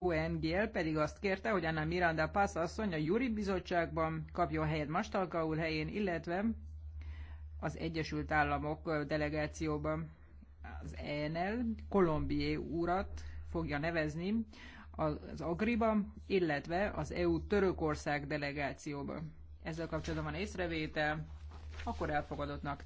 UNGL pedig azt kérte, hogy Anna Miranda Paz asszony a Juri Bizottságban kapjon helyet Mastalka úr helyén, illetve az Egyesült Államok delegációban az ENL Kolombié úrat fogja nevezni az Agriba, illetve az EU Törökország delegációba. Ezzel kapcsolatban van észrevétel, akkor elfogadottnak